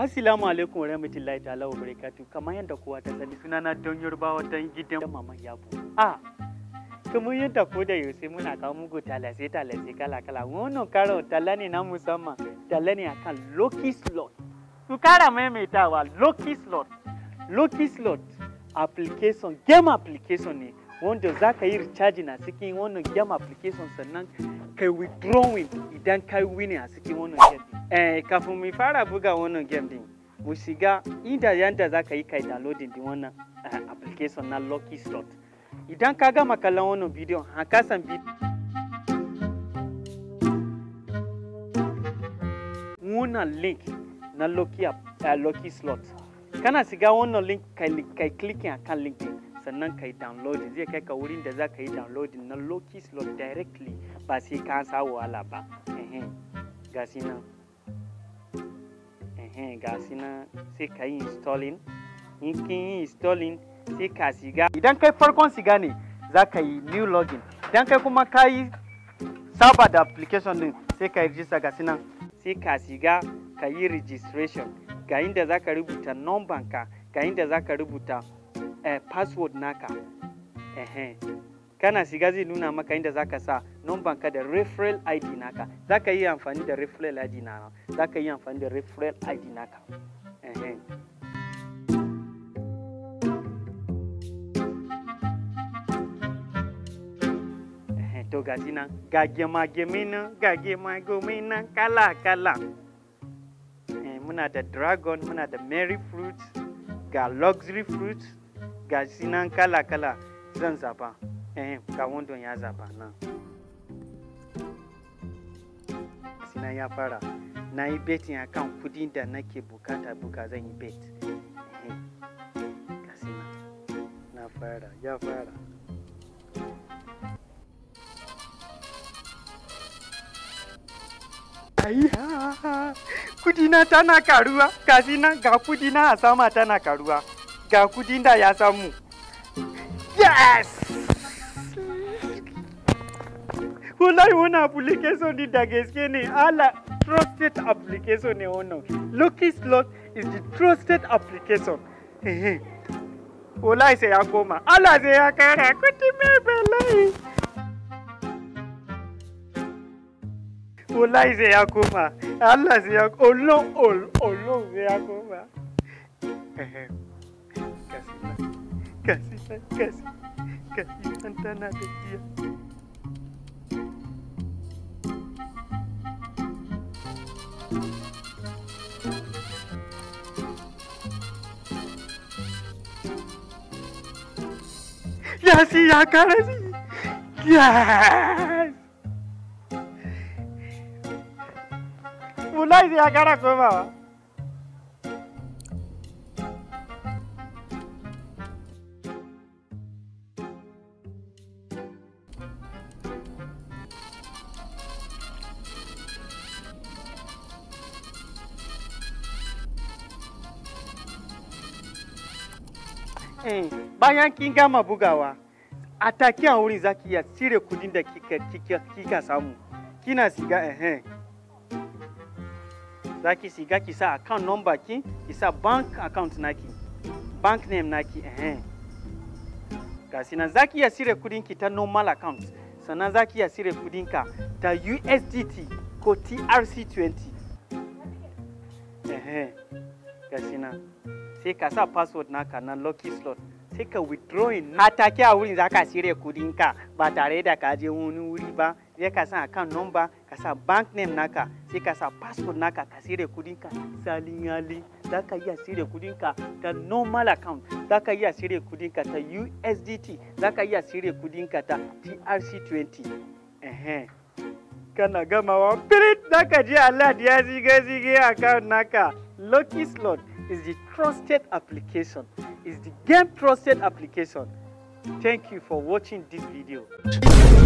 Assalamu alaikum rahmatullahi ta'ala wa barakatuh kamar yadda kowa ta sani sunana don Yarbawa don gidan Maman Yabo. A kamar yadda ko da yaushe muna kawo muku talase-talase kala kala wannan karo talla ne na musamman talla ne akan Loki slot. Su kara maimaitawa Loki slot. Loki slot application game application ne wanda za ka yi recharging a cikin wannan game application sannan kai withdrawing idan kai winning a cikin wannan game. eh kafin mu fara buga wannan game din mu shiga inda yanda za ka yi kai downloading din wannan eh, application na lucky slot idan ka gama kallon wannan ha haka san bi wannan link na Loki, uh, eh, lucky slot kana shiga wannan link kai kai clicking akan link din sannan kai download zai kai ka wurin da za ka yi downloading na Loki slot directly ba sai ka sa wahala ba gasi nan ehem ga shi nan sai ka yi installing in kin yi installing sai ka siga idan kai farkon siga ne za ka yi new login idan kai kuma ka yi saba da application din sai ka yi register ga shi nan sai ka siga ka yi registration ga inda za ka rubuta number ka ga inda za ka rubuta eh, password naka ehem kana shiga zai nuna maka inda zaka sa numban ka da referral ID naka zaka yi amfani da referral ID naka zaka yi amfani da referral ID naka to ga shi nan ga gemagemi nan gage gemagomi nan kala kala muna da dragon muna da mary fruit ga luxury fruit ga shi kala kala zan zaba eh ga wandon ya zaba nan sina ya fara na yi betin a kan kudin da nake bukata buka zan yi bet eh na fara ya fara ayya kudina tana karuwa kasina ga kudina a sama tana karuwa ga kudin da ya samu yes Wallahi wannan application din da gaske ne ala trusted application ne wannan. Lucky slot is the trusted application. Wallahi sai ya koma. Allah sai ya kara kuti mai bala'i. Wallahi sai ya koma. Allah sai ya olon olon sai ya koma. Kasi kasi kasi. canta Santana tía. Ya sí, ya cara sí. Ya. Yes. Mulai dia cara kau bawa. Eh, bayan kin gama bugawa a take a wurin ki iya cire kudin da kika samu kina siga eh, eh. Za ki siga ki sa account number ki ki sa bank account naki bank name naki ehem gasi za ki iya cire kudin ki ta normal account sannan zaki iya cire kudin ka ta USDT ko TRC20 ehem gashi nan sai ka sa password naka na lucky slot sai ka withdrawing na take a wurin zaka cire kudin ka ba tare da ka je wani wuri ba sai ka sa account number ka sa bank name naka sai ka sa password naka ka cire kudin ka salin yali zaka iya cire kudin ka ta normal account zaka iya cire kudin ka ta USDT zaka iya cire kudin ka ta TRC20 kana gamawa pirit zaka je alert ya zige zige account naka lucky slot is the trusted application is the game trusted application thank you for watching this video